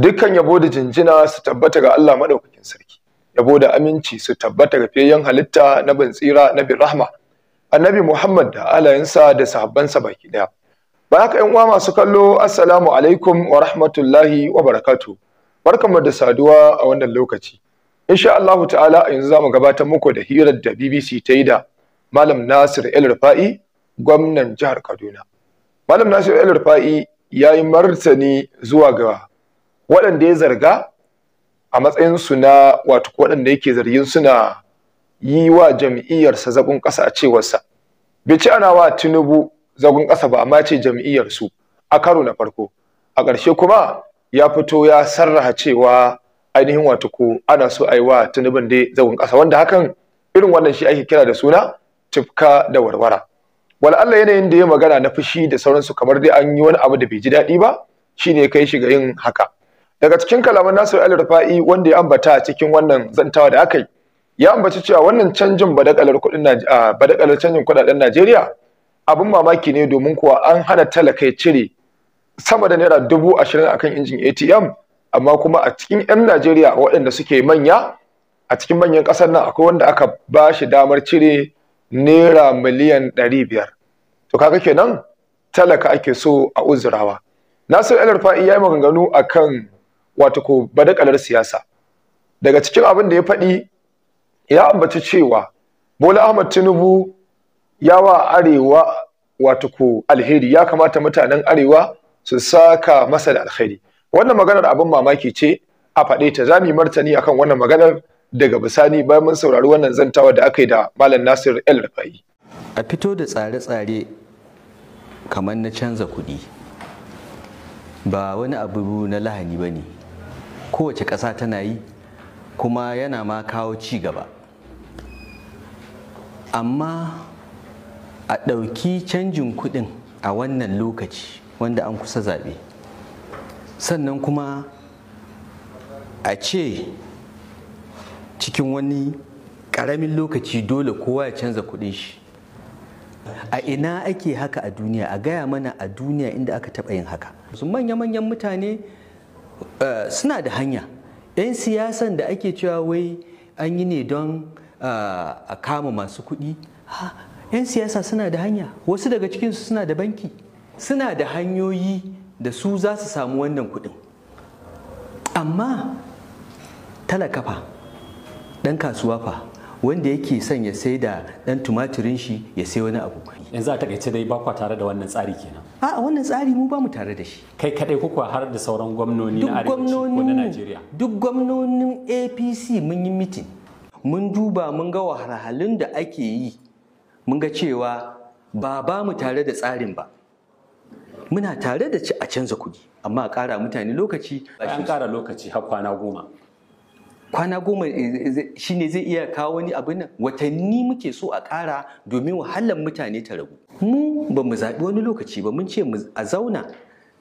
dukkan yabo da jinjina su tabbata ga Allah madaukakin sarki yabo da aminci su tabbata ga fiyayyen halitta na bin tsira na bin rahma annabi Muhammad da alayensa da sahabbansa baki daya ba haka yan uwa masu kallo assalamu alaikum wa rahmatullahi wa barakatu barkamu da saduwa a wannan lokaci insha Allah ta'ala a yanzu zamu gabatar muku da hirar da BBC ta yi da Malam Nasir El Rufai gwamnan jihar Kaduna Malam Nasir El Rufai ya yi martani zuwa ga waɗanda ya zarga a matsayinsu na wato waɗanda yake zargin suna yi wa jam'iyyarsa zagon ƙasa a cewarsa bai ci ana wa tinubu zagon ƙasa ba amma ce jam'iyyarsu a karo na farko a ƙarshe kuma ya fito ya sarraha cewa ainihin wato ko ana so a yi wa tinubun da zagon ƙasa wanda hakan irin wannan shi ake kira da suna tifka da warwara Allah yanayin da ya magana na fushi da sauransu kamar dai an yi wani abu da bai ji daɗi ba shine ya kai shi ga yin haka daga cikin kalaman Nasir al-Rufa'i wanda ya ambata a cikin wannan zantawa da aka yi ya ambaci cewa wannan canjin badakalar kudin badakalar canjin kudaden Najeriya abin mamaki ne domin kuwa an hana talaka cire sama da naira dubu ashirin akan injin ATM amma kuma a cikin 'yan Najeriya waɗanda suke manya a cikin manyan ƙasar nan akwai wanda aka ba shi damar cire naira miliyan ɗari biyar to kaga kenan talaka ake so a uzurawa Nasir El Rufa'i ya yi maganganu akan wato ko badakalar siyasa daga cikin abin da ya faɗi ya ambaci cewa Bola Ahmad Tinubu ya wa arewa wato ko alheri ya kamata mutanen arewa su saka masa da alheri wannan maganar abin mamaki ce a faɗe ta zamu martani akan wannan maganar daga bisani bayan mun saurari wannan zantawa da aka yi da Malam Nasir El rafai a fito da tsare-tsare kamar na canza kuɗi ba wani abu na lahani ba ne kowace ƙasa tana yi kuma yana ma kawo ci gaba amma a ɗauki canjin kuɗin a wannan lokaci wanda an kusa zaɓe sannan kuma a ce cikin wani ƙaramin lokaci dole kowa ya canza kuɗin shi a ina ake haka a duniya a gaya mana a duniya inda aka taɓa yin haka manya-manyan mutane Eh, suna da hanya 'yan siyasan da ake cewa wai an yi ne don eh, a kama masu kuɗi 'yan siyasa suna da hanya wasu daga cikinsu suna da banki suna da hanyoyi da su za su samu wannan kuɗin amma talakafa ɗan kasuwa fa wanda yake son ya sai da ɗan tumatirin shi ya sai wani abu yanzu a takaice dai ba kwa tare da wannan tsari kenan a wannan tsari mu ba mu tare da shi kai kadai kuka har da sauran gwamnoni na arewaci ko na Najeriya duk gwamnonin APC mun yi mitin mun duba mun ga wahalhalun da ake yi mun ga cewa ba ba mu tare da tsarin ba muna tare da ci a canza kuɗi amma a ƙara mutane lokaci an ƙara lokaci har kwana goma kwana goma eh, eh, shine zai iya kawo wani abin nan watanni muke so a ƙara domin wahalar mutane ta ragu mu ba mu zaɓi wani lokaci ba mun ce a zauna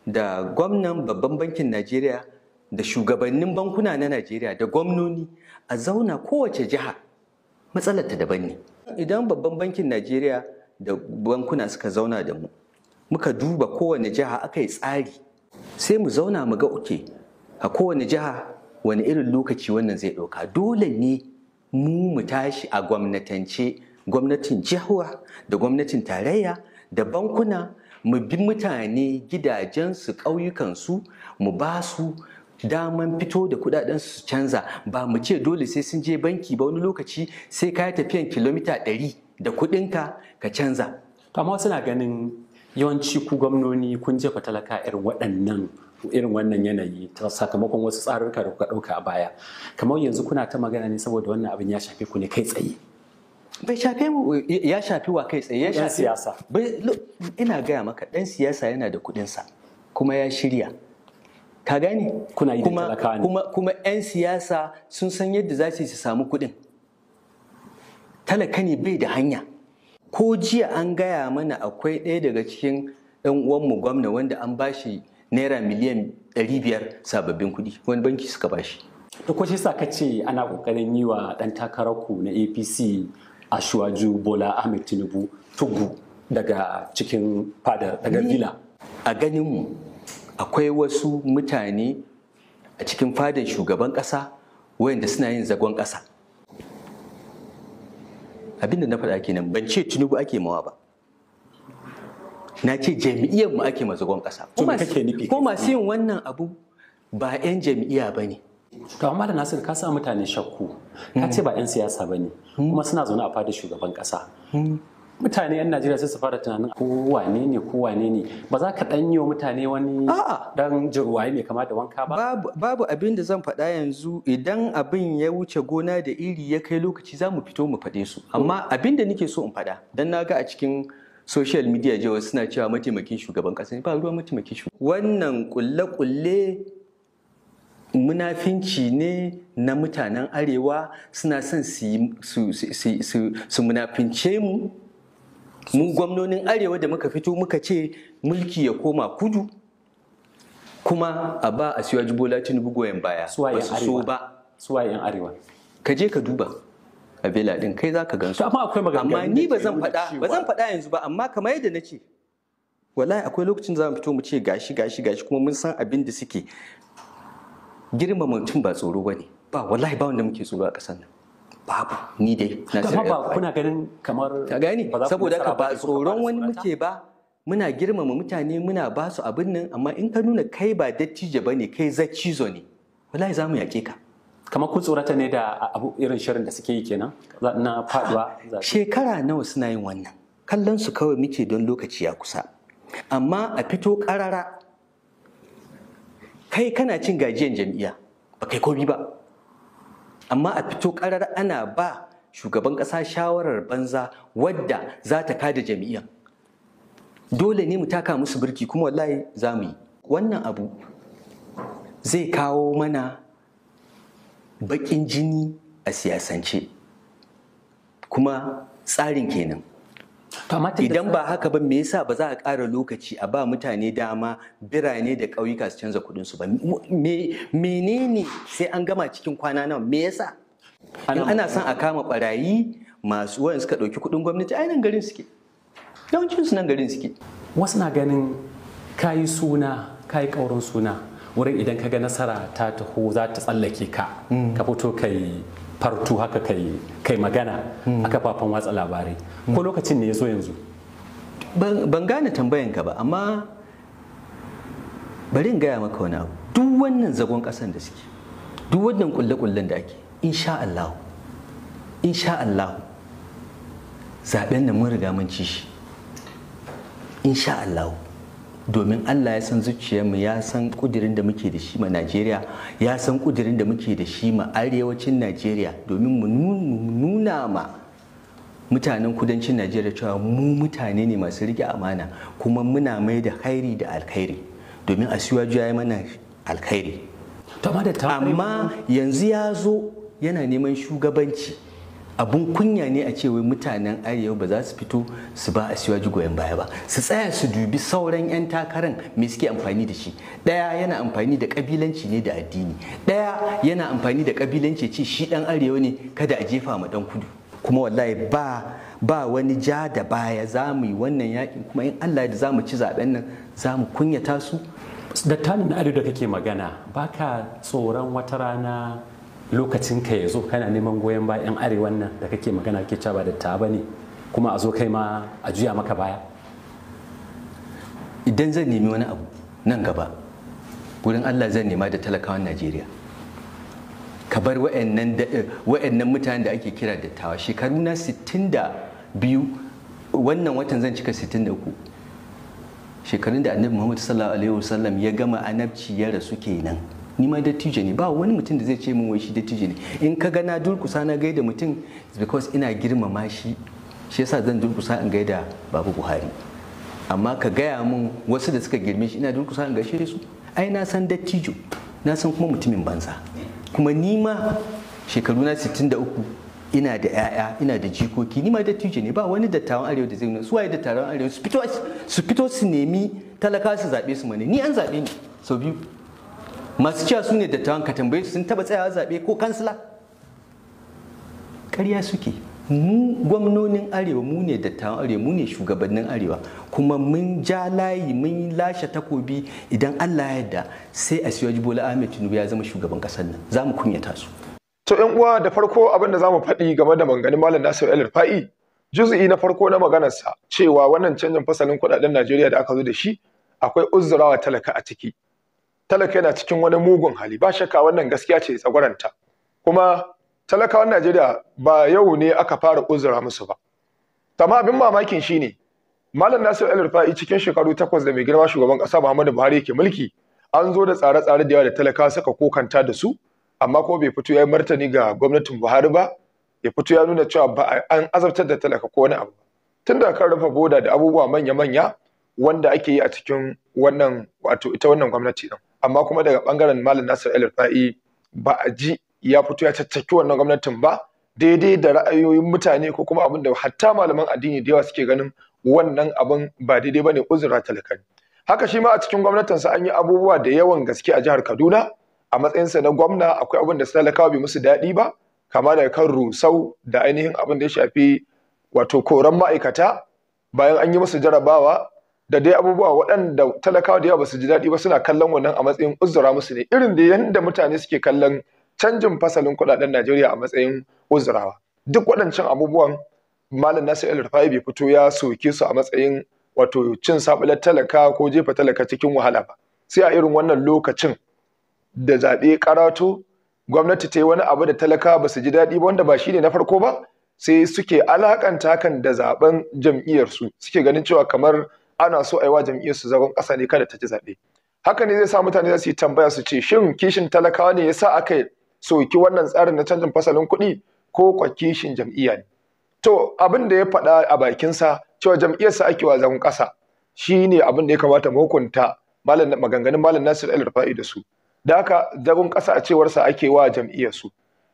da gwamnan babban bankin najeriya da shugabannin bankuna na najeriya da gwamnoni a zauna kowace jiha matsalar ta daban ne idan babban bankin najeriya da bankuna suka zauna da mu muka duba kowane jiha aka yi tsari sai mu zauna mu ga uke a kowane jiha wani irin lokaci wannan zai ɗauka dole ne mu mu tashi a gwamnatance gwamnatin jihoha da gwamnatin tarayya da bankuna mu bi mutane gidajensu ƙauyukansu mu ba su daman fito da kudaden su canza ba mu ce dole sai sun je banki ba wani lokaci sai ka tafiyan kilomita 100 da kudinka ka canza. amma suna ganin yawanci ku gwamnoni kun jefa talaka irin waɗannan irin wannan yanayi ta sakamakon wasu tsarurruka da kuka ɗauka a baya kamar yanzu kuna ta magana ne saboda wannan abin ya shafe ku ne kai tsaye bai shafe mu ya shafi wa kai tsaye ya shafi siyasa bai ina gaya maka dan siyasa yana da kuɗin sa kuma ya shirya ka gani. kuna yi kuma kuma kuma yan siyasa sun san yadda za su samu kuɗin talaka ne bai da hanya ko jiya an gaya mana akwai ɗaya daga cikin ɗan uwanmu gwamna wanda an bashi naira miliyan 500 sababbin kuɗi wani banki suka bashi to ko shi ka ce ana kokarin yi wa dan takararku na APC Ju, Bola Ahmed Tinubu tugu daga cikin fada daga villa a ganin mu akwai wasu mutane a cikin fadar shugaban ƙasa wayanda suna yin zagon ƙasa abinda na faɗa kenan ban ce Tinubu ake mawa ba na ce jami'iyyar mu ake mazugon ƙasa ko masu yin wannan abu ba 'yan jami'iyya ba ne to amma da nasir ka sa mutane shakku ka hmm. ce ba 'yan siyasa ba ne hmm. kuma suna zaune a fadar shugaban ƙasa hmm. mutane 'yan najeriya sai su fara tunanin ko wane ne ko wane ne ba za ka dan yi wa mutane wani dan jirwaye mai kama da wanka ba babu abin da zan faɗa yanzu idan abin ya wuce gona da iri ya kai lokaci za mu fito mu faɗe su amma abin da nake so in faɗa dan na ga a cikin social media jawa suna cewa mataimakin shugaban kasa ba ruwa mataimakin shugaban wannan kulle-kulle munafinci ne na mutanen arewa suna son su munafince mu mu gwamnonin arewa da muka fito muka ce mulki ya koma kudu kuma a ba a siwa jibola tinubu goyon baya ba su so ba suwayen arewa ka je ka duba kabila din kai zaka gansu amma akwai maganganu amma ni ba zan faɗa ba zan faɗa yanzu ba amma kamar yadda na ce wallahi akwai lokacin za mu fito mu ce gashi gashi gashi kuma mun san abin da suke girmama mutum ba tsoro ne ba wallahi ba wanda muke tsoro a ƙasar nan babu ni dai na sirri ba kuna ganin kamar ka gani saboda ka ba tsoron wani muke ba muna girmama mutane muna ba su abin nan amma in ka nuna kai ba dattijo bane kai zo ne wallahi za mu yake ka kamar kun tsorata ne da abu irin shirin da suke yi kenan na faduwa shekara nawa suna yin wannan kallon su kawai muke don lokaci ya kusa amma a fito karara kai kana cin gajiyan jam'iyya ba kai komi ba amma a fito karara ana ba shugaban ƙasa shawarar banza wadda za ta kada jam'iyyan dole ne mu taka musu birki kuma wallahi za mu yi wannan abu zai kawo mana baƙin jini a siyasance kuma tsarin kenan idan ba haka ba me yasa ba za a ƙara lokaci a ba mutane dama birane da ƙauyuka su canza kuɗinsu ba menene sai an gama cikin kwana nawa me yasa ana son a kama barayi masu wayan suka ɗauki kuɗin gwamnati ainihin garin suke yawancinsu nan garin suke wasu na ganin kayi suna kayi ƙaurin suna wurin idan ka ga nasara ta taho za ta tsallake ka mm. ka fito kai fartu haka kai magana mm. a kafafen watsa labarai mm. ko lokacin ne ya zo yanzu ban gane tambayan ka ba amma bari in gaya maka wani duk wannan zagon kasan da suke duk wannan kulle-kullen da ake insha Allah insha Allah zaben nan mun riga mun ci shi insha Allah domin Allah ya san zuciyarmu ya san kudirin da muke da shi ma Najeriya ya san kudirin da muke da shi ma arewacin Najeriya domin mu nuna ma mutanen kudancin Najeriya cewa mu mutane ne masu rike amana kuma muna mai da hairi da alkhairi domin a siwaju ya mana alkhairi amma yanzu ya zo yana neman shugabanci abun kunya ne a ce mutanen arewa ba za su fito su ba a siwa goyon baya ba su tsaya su dubi sauran 'yan takarar me suke amfani da shi ɗaya yana amfani da kabilanci ne da addini ɗaya yana amfani da kabilanci ce shi ɗan arewa ne kada a jefa ma dan kudu kuma wallahi ba ba wani ja da baya za mu yi wannan yakin kuma in Allah da za mu ci zaben nan za mu kunyata su da tanin arewa da kake magana baka tsoron wata rana lokacin ka ya zo kana neman goyon bayan arewan nan da kake magana ke cewa da ta bane kuma a zo kai ma a juya maka baya idan zan nemi wani abu nan gaba wurin Allah zan nema da talakawan Najeriya ka bar wa'annan eh, mutanen da ake kira dattawa shekaru na 62 wannan watan zan cika 63 shekarun da annabi Muhammad sallallahu alaihi wasallam ya gama anabci ya rasu kenan ni ma dattijo ne ba wani mutum da zai ce min wai shi dattijo ne in ka ga na durkusa na gaida mutum because ina girmama shi shi yasa zan durkusa in gaida babu buhari amma ka gaya min wasu da suka girme shi ina durkusa in gaishe su ai na san dattijo na san kuma mutumin banza kuma ni ma shekaru na 63 ina da 'ya'ya ina da jikoki ni ma dattijo ne ba wani dattawan arewa da zai nuna su waye dattawan arewa su fito su nemi talaka su zaɓe su mane ni an zaɓe ni sau biyu masu cewa su ne dattawan ka tambaye sun taba tsayawa zaɓe ko kansila ƙarya suke mu gwamnonin arewa mu ne dattawan arewa mu ne shugabannin arewa kuma mun ja layi mun lashe takobi idan allah ya da sai a siyo bola ahmed tinubu ya zama shugaban ƙasar nan za mu kunyata su to yan uwa da farko abin da za mu faɗi game da manganin malam nasiru el rufai juzu'i na farko na maganarsa cewa wannan canjin fasalin kuɗaɗen najeriya da aka zo da shi akwai uzurawa talaka a ciki talaka yana cikin wani mugun hali ba shakka wannan gaskiya ce tsagwaranta kuma talakawan Najeriya ba yau ne aka fara uzura musu ba tamam abin mamakin shine Malam Nasir al rufai cikin shekaru takwas da mai girma shugaban ƙasa Muhammadu Buhari yake mulki an zo da tsare-tsare da yawa da talakawa suka kokanta da su amma ko bai fito ya martani ga gwamnatin Buhari ba ya fito ya nuna cewa ba an azabtar da talaka ko wani abu Tunda kan rufe boda da abubuwa manya-manya wanda ake yi a cikin wannan wato ita wannan gwamnati din amma kuma daga bangaren Malam Nasir El-Rufai ba a ji ya fito ya caccaki wannan gwamnatin ba daidai da ra'ayoyin mutane ko kuma abin da hatta malaman addini da yawa suke ganin wannan abin ba daidai ne, uzura talakan haka shi ma a cikin gwamnatinsa an yi abubuwa da yawan gaske a jihar Kaduna a matsayin matsayinsa na gwamna akwai abin da talakawa bai musu daɗi ba kama daga kan rusau da ainihin abin da ya shafi wato koran ma'aikata bayan an yi musu jarabawa da dai abubuwa waɗanda talakawa da yawa ba su ji daɗi ba suna kallon wannan a matsayin uzura musu ne irin da yadda mutane suke kallon canjin fasalin kuɗaɗen Najeriya a matsayin uzurawa duk waɗancan abubuwan Malam Nasir El Rufai bai fito ya soke su a matsayin wato cin sabular talaka ko jefa talaka cikin wahala ba sai a irin wannan lokacin da zaɓe karatu gwamnati ta yi wani abu da talaka ba su ji daɗi ba wanda ba shi ne na farko ba sai suke alakanta hakan da zaɓen jam'iyyarsu suke ganin cewa kamar ana so a yi wa jam'iyyar su zagon ƙasa ne kada ta ci zaɓe haka ne zai sa mutane za su yi tambaya su ce shin kishin talakawa ne ya sa aka soki wannan tsarin na canjin fasalin kuɗi ko kwa kishin jam'iyya ne to abin da ya faɗa a bakinsa cewa jam'iyyarsa ake wa zagon ƙasa shine abin da ya kamata mu hukunta maganganun malam Nasir El-Rufa'i da su da haka zagon ƙasa a cewarsa ake wa jam'iyyar su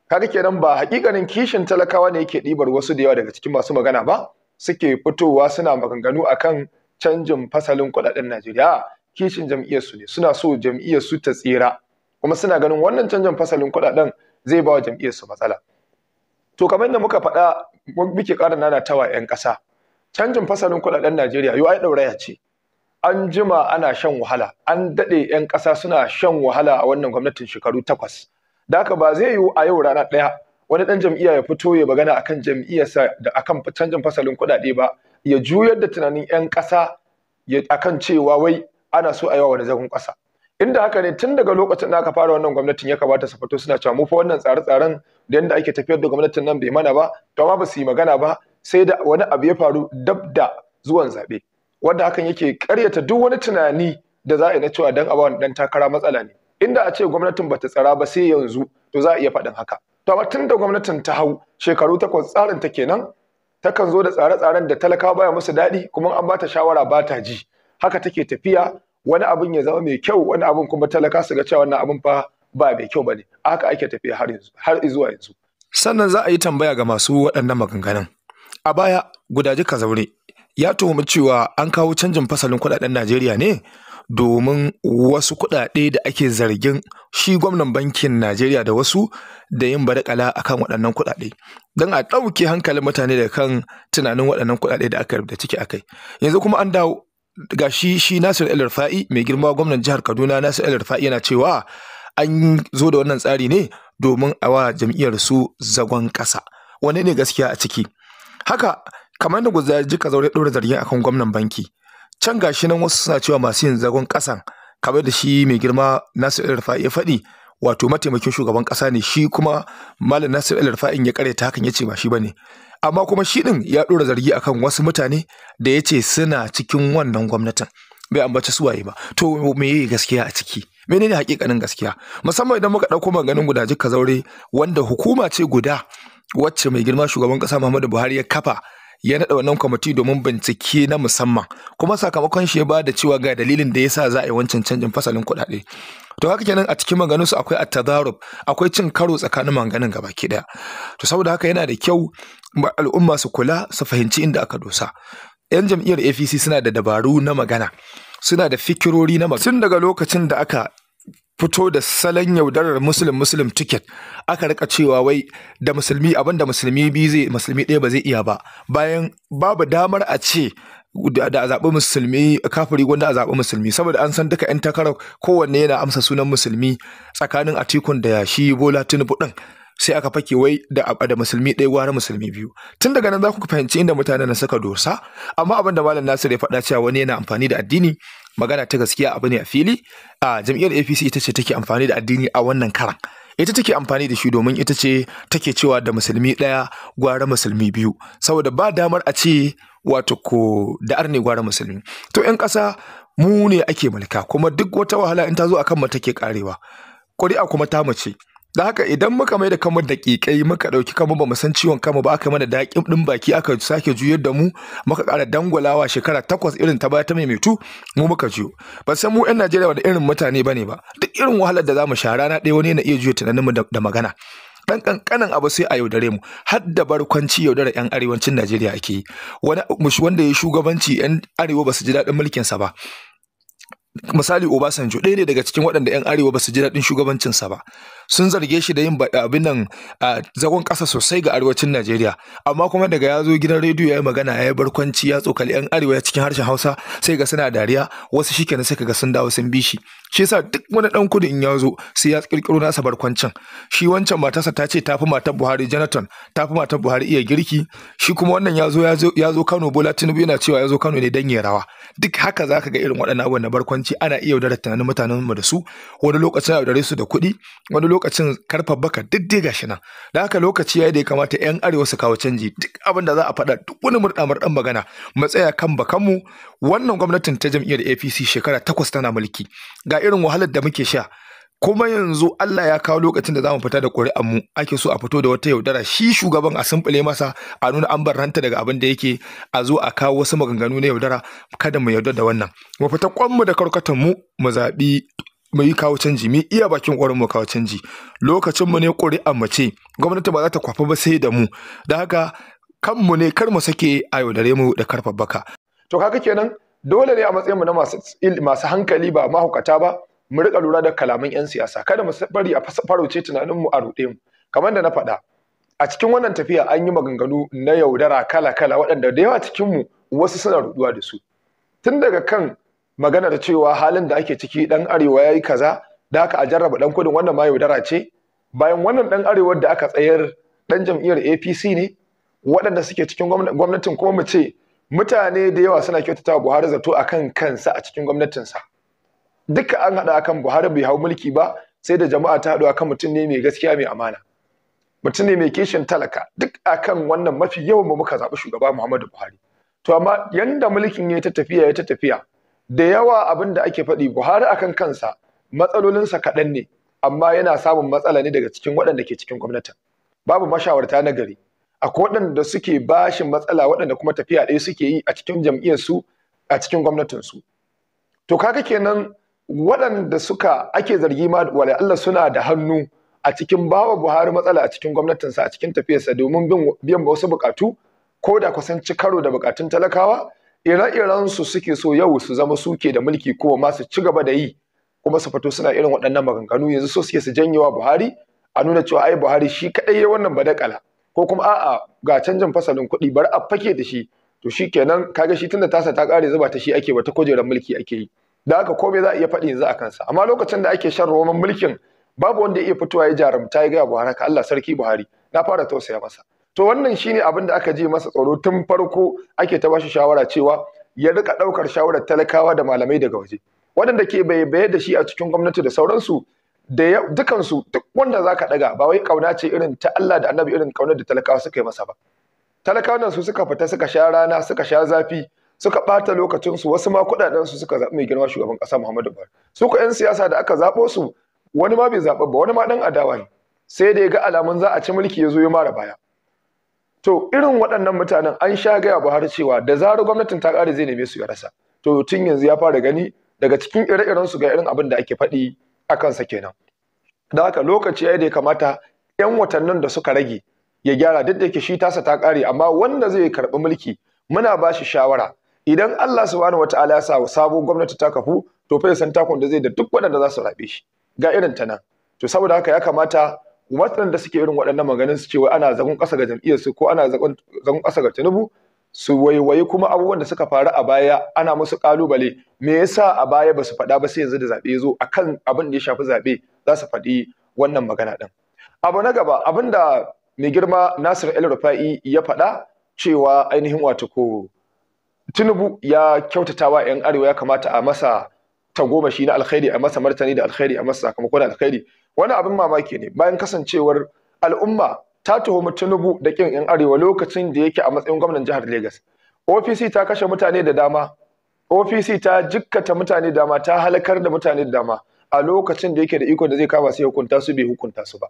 kaga kenan ba hakikanin kishin talakawa ne yake ɗibar wasu da yawa daga cikin masu magana ba suke fitowa suna maganganu akan canjin fasalin kwaɗaɗen Najeriya kishin jam'iyyar su ne suna so jam'iyyar su ta tsira kuma suna ganin wannan canjin fasalin kwaɗaɗen zai ba wa jam'iyyar su matsala to kamar yadda muka faɗa muke ƙara tawa 'yan ƙasa canjin fasalin kwaɗaɗen Najeriya yau ai ɗauraya ce an jima ana shan wahala an daɗe 'yan ƙasa suna shan wahala a wannan gwamnatin shekaru takwas da haka ba zai yiwu a yau rana ɗaya wani ɗan jam'iyya ya fito ya magana akan jam'iyyarsa da akan canjin fasalin kuɗaɗe ba ya juyar da tunanin 'yan ƙasa akan cewa wai ana so a yi wa wani zagon ƙasa inda haka ne tun daga lokacin da aka fara wannan gwamnatin ya kamata su fito suna cewa mu fa wannan tsare-tsaren da yanda ake tafiyar da gwamnatin nan bai mana ba to amma ba su yi magana ba sai da wani abu ya faru dab da zuwan zaɓe wanda hakan yake karyata duk wani tunani da za a yi na cewa dan a wani dan takara matsala ne inda a ce gwamnatin bata tsara ba sai yanzu to za a iya faɗin haka to amma tunda gwamnatin ta hau shekaru takwas tsarin ta kenan takan zo da tsare-tsaren da talakawa baya musu daɗi kuma an bata shawara ba ta ji haka take tafiya wani abin ya zama mai kyau wani abin kuma talaka su ga cewa wannan abin fa ba mai kyau bane haka ake tafiya har yanzu har zuwa yanzu sannan za a yi tambaya ga masu waɗannan maganganun a baya gudaji kazaure ya tuhumi cewa an kawo canjin fasalin kuɗaɗen Najeriya ne domin wasu kuɗaɗe da ake zargin shi gwamnan bankin Najeriya da wasu da yin badakala akan waɗannan kuɗaɗe don a ɗauke hankalin mutane da kan tunanin waɗannan kuɗaɗe da aka rubuta ciki akai yanzu kuma an dawo ga shi shi Nasir El Rufai mai girma gwamnan jihar Kaduna Nasir El Rufai yana cewa an zo da wannan tsari ne domin a wa jam'iyyar su zagon ƙasa wani ne gaskiya a ciki haka kamar da guzaji ka zaure ɗora zargin akan gwamnan banki can gashi nan wasu suna cewa masu yin zagon kasan kamar da shi mai girma Nasir El-Rufa'i ya faɗi wato mataimakin shugaban ƙasa ne shi kuma Malam Nasir El-Rufa'in ya ta hakan ya ce ba shi ba ne. amma kuma shi ɗin ya ɗora zargi akan wasu mutane da ya ce suna cikin wannan gwamnatin bai ambaci waye ba to me yi gaskiya a ciki menene hakikanin gaskiya musamman idan muka ɗauko maganin guda jikka zaure wanda hukuma ce guda wacce mai girma shugaban ƙasa Muhammadu Buhari ya kafa ya naɗa wannan kwamiti domin bincike na musamman kuma sakamakon shi ya ba da cewa ga dalilin da ya sa za a yi wancan canjin fasalin kuɗaɗe to haka kenan a cikin maganin su akwai at akwai cin karo tsakanin maganganun gabaki daya to saboda haka yana da kyau al'umma su kula su fahimci inda aka dosa yan jam'iyyar APC suna da dabaru na magana suna da fikirori na magana tun daga lokacin da aka fito da salon yaudarar muslim muslim ticket aka rika cewa wai da musulmi abin da musulmi biyu zai musulmi ɗaya ba zai iya ba bayan babu damar a ce da a zaɓi musulmi kafiri wanda a zaɓi musulmi saboda an san duka 'yan takarar kowanne yana amsa sunan musulmi tsakanin atikun da shi bola tinubu ɗin sai aka fake wai da da musulmi ɗaya gwara musulmi biyu tun daga nan za ku fahimci inda mutanen na saka dosa amma abin da malam nasir ya faɗa cewa wani yana amfani da addini magana ta gaskiya abu ne a fili a jam'iyyar apc ita ce take amfani da addini a wannan karan ita take amfani da shi domin ita ce take cewa da musulmi ɗaya gwara musulmi biyu saboda ba damar a ce wato ko da arne gwara musulmi to 'yan ƙasa mu ne ake mulka kuma duk wata wahala in ta zo akan mu take karewa ƙuri'a kuma ta mace da haka idan muka mai da kamar daƙiƙai muka ɗauki kamar ba mu san ciwon kama ba aka mana daƙin ɗin baki aka sake juyar da mu muka ƙara dangwalawa shekara takwas irin ta baya ta maimaitu mu muka ciwo ba san mu 'yan najeriya wani irin mutane ba ne ba duk irin wahalar da za mu sha rana ɗaya wani yana iya juya tunanin mu da magana dan ƙanƙanin abu sai a yaudare mu har da barkwanci yaudare yan arewacin najeriya ake yi wani wanda ya shugabanci yan arewa ba su ji daɗin mulkinsa ba misali obasanjo ɗaya ne daga cikin waɗanda yan arewa ba su ji daɗin shugabancinsa ba sun zarge shi da yin abin nan a zagon ƙasa sosai ga arewacin Najeriya amma kuma daga ya zo gidan rediyo ya yi magana ya yi barkwanci ya tsokali yan arewa cikin harshen Hausa sai ga suna dariya wasu shi na sai ga sun dawo sun bi shi shi yasa duk wani ɗan kudu in ya zo sai ya kirkiro nasa barkwancin shi wancan matarsa ta ce ta fi matar Buhari Jonathan ta fi matar Buhari iya girki shi kuma wannan ya zo ya zo Kano Bola Tinubu yana cewa ya zo Kano ne dan ya rawa duk haka zaka ga irin waɗannan abubuwan na barkwanci ana iya yaudarar tunanin mutanen mu da su wani lokacin yaudare su da kuɗi wani lokacin lokacin karfa baka diddi gashi nan da haka lokaci yayi da ya kamata yan arewa su kawo canji duk abin da za a faɗa duk wani murɗa murɗan magana mu tsaya kan bakanmu wannan gwamnatin ta jam'iyyar APC shekara takwas tana mulki ga irin wahalar da muke sha kuma yanzu Allah ya kawo lokacin da za mu fita da ƙuri'an mu ake so a fito da wata yaudara shi shugaban a sumbule masa a nuna an ranta daga abin da yake a zo a kawo wasu maganganu na yaudara kada mu yaudar da wannan mu fita kwanmu da karkatan mu mu zaɓi mu yi kawo canji mu iya bakin ƙwarin mu kawo canji lokacin mu ne ƙuri'a mu ce gwamnati ba za ta kwafa ba sai da mu da haka kanmu ne kar mu sake a yaudare mu da karfa baka to kaga kenan dole ne a matsayin mu na masu hankali ba mahaukata ba mu rika lura da kalaman yan siyasa kada mu bari a farauce tunanin mu a ruɗe mu kamar da na faɗa a cikin wannan tafiya an yi maganganu na yaudara kala-kala waɗanda da yawa mu wasu suna ruɗuwa da su tun daga kan maganar cewa halin da ake ciki dan arewa yayi kaza da aka a jarraba dan kudin wannan ma yaudara ce bayan wannan dan arewar da aka tsayar dan jam'iyyar APC ne waɗanda suke cikin gwamnatin kuma mu ce mutane da yawa suna kyautata Buhari zato akan kansa a cikin gwamnatinsa duka an haɗa akan Buhari bai hau mulki ba sai da jama'a ta haɗu akan mutum ne mai gaskiya mai amana mutum ne mai kishin talaka duk akan wannan mafi yawan mu muka zaɓi shugaba Muhammadu Buhari to amma yanda mulkin ya ta tafiya ya ta tafiya da yawa abin da ake faɗi Buhari akan kansa matsalolinsa kaɗan ne amma yana samun matsala ne daga cikin waɗanda ke cikin gwamnatin babu mashawarta na gari akwai waɗanda suke bashin matsala waɗanda kuma tafiya ɗaya suke yi a cikin jam'iyyarsu a cikin gwamnatinsu to kaka kenan waɗanda suka ake zargi ma wale Allah suna da hannu a cikin bawa Buhari matsala a cikin gwamnatinsa a cikin tafiyarsa domin biyan wasu buƙatu? ko da kusan ci karo da buƙatun talakawa ire-irensu suke so yau su zama suke da mulki ko ma su ci gaba da yi kuma su fito suna irin waɗannan maganganu yanzu so suke su janyewa Buhari a nuna cewa ai Buhari shi kadai ya wannan badakala ko kuma a'a ga canjin fasalin kuɗi bar a fake da shi to shi kenan kaga shi tunda tasa ta kare zuba ta shi ake ba ta kujerar mulki ake yi da haka komai za a iya faɗi yanzu a kansa amma lokacin da ake shan roman mulkin babu wanda ya iya fitowa ya jarumta ya gaya Buhari ka Allah sarki Buhari na fara tausaya masa to wannan shine abin da aka je masa tsaro tun farko ake ta bashi shawara cewa ya rika daukar shawarar talakawa da malamai daga waje waɗanda ke bai da shi a cikin gwamnati da sauransu da dukansu duk wanda zaka daga ba wai kauna ce irin ta Allah da Annabi irin kaunar da talakawa suka yi masa ba talakawan su suka fita suka sha rana suka sha zafi suka bata lokacin su wasu ma kudaden su suka zabi mai girma shugaban kasa Muhammadu Buhari su ko yan siyasa da aka zabo su wani ma bai zaba ba wani ma dan adawa ne sai da ya ga alamun za a ci mulki ya zo ya mara baya to irin waɗannan mutanen an sha gaya Buhari cewa da zarar gwamnatin ta ƙare zai neme su ya rasa to tun yanzu ya fara gani daga cikin ire-iren su ga irin abin da ake faɗi a kansa kenan da haka lokaci ya da ya kamata 'yan watannin da suka rage ya gyara duk da yake shi tasa ta ƙare amma wanda zai karɓi mulki muna ba shi shawara idan Allah subhanahu wataala ya sa sabo gwamnati ta kafu to fa ya san takon da zai da duk waɗanda za su rabe shi ga irin ta nan to saboda haka ya kamata waɗanda suke irin waɗannan maganin su cewa ana zagon ƙasa ga jam'iyyar su ko ana zagon ƙasa ga Tinubu su waiwayi kuma abubuwan da suka faru a baya ana musu kalubale me yasa a baya ba su faɗa ba sai yanzu da zaɓe zo akan abin da ya shafi zaɓe za su faɗi wannan magana ɗin abu na gaba abin da mai girma Nasir El Rufai ya faɗa cewa ainihin wato ko Tinubu ya kyautatawa 'yan arewa ya kamata a masa shi na alkhairi a masa martani da alkhairi a masa sakamako da alkhairi wani abin mamaki ne bayan kasancewar al'umma ta tuhumi Tinubu da kin yan arewa lokacin da yake a matsayin gwamnan jihar Legas. OPC ta kashe mutane da dama OPC ta jikkata mutane da dama ta halakar da mutane da dama a lokacin da yake da iko da zai kama sai hukunta su bai hukunta su ba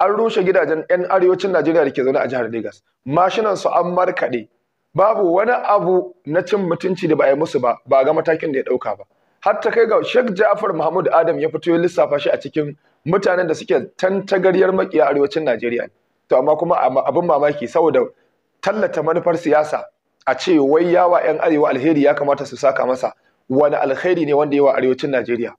an rushe gidajen yan arewacin Najeriya da ke zaune a jihar Legas. mashinan su an markade babu wani abu na cin mutunci da ba a yi musu ba ba ga matakin da ya dauka ba har ta kai ga Sheikh Ja'far Mahmud Adam ya fito ya lissafa shi a cikin mutanen da suke tantagaryar makiya arewacin Najeriya to amma kuma abin mamaki saboda tallata manufar siyasa a ce wai yawa 'yan arewa alheri ya kamata su saka masa wani alheri ne wanda yawa arewacin Najeriya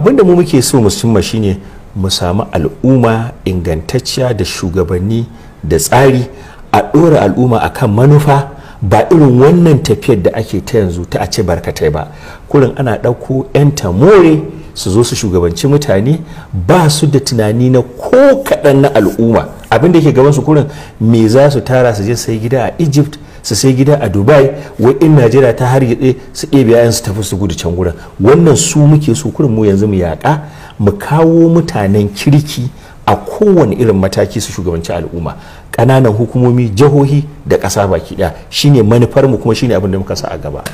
abin da mu muke so mu cimma shine mu samu al'umma ingantacciya da shugabanni da tsari a ɗora al'umma akan manufa ba irin wannan tafiyar da ake ta yanzu ta a ce barkatai ba kurin ana ɗauko 'yan tamore su zo su shugabanci mutane ba su da tunani na ko kaɗan na al'umma abin da ke gaban su kurin me za su tara su je sai gida a egypt su sai gida a dubai wai in najeriya ta har yi su ɗebe yayan su tafi su gudu can gurin wannan su muke so kurin mu yanzu mu yaƙa mu kawo mutanen kirki a kowane irin mataki su shugabanci al'umma ƙananan hukumomi jihohi da ƙasa baki ɗaya shine manufarmu kuma shine abin da muka sa a gaba.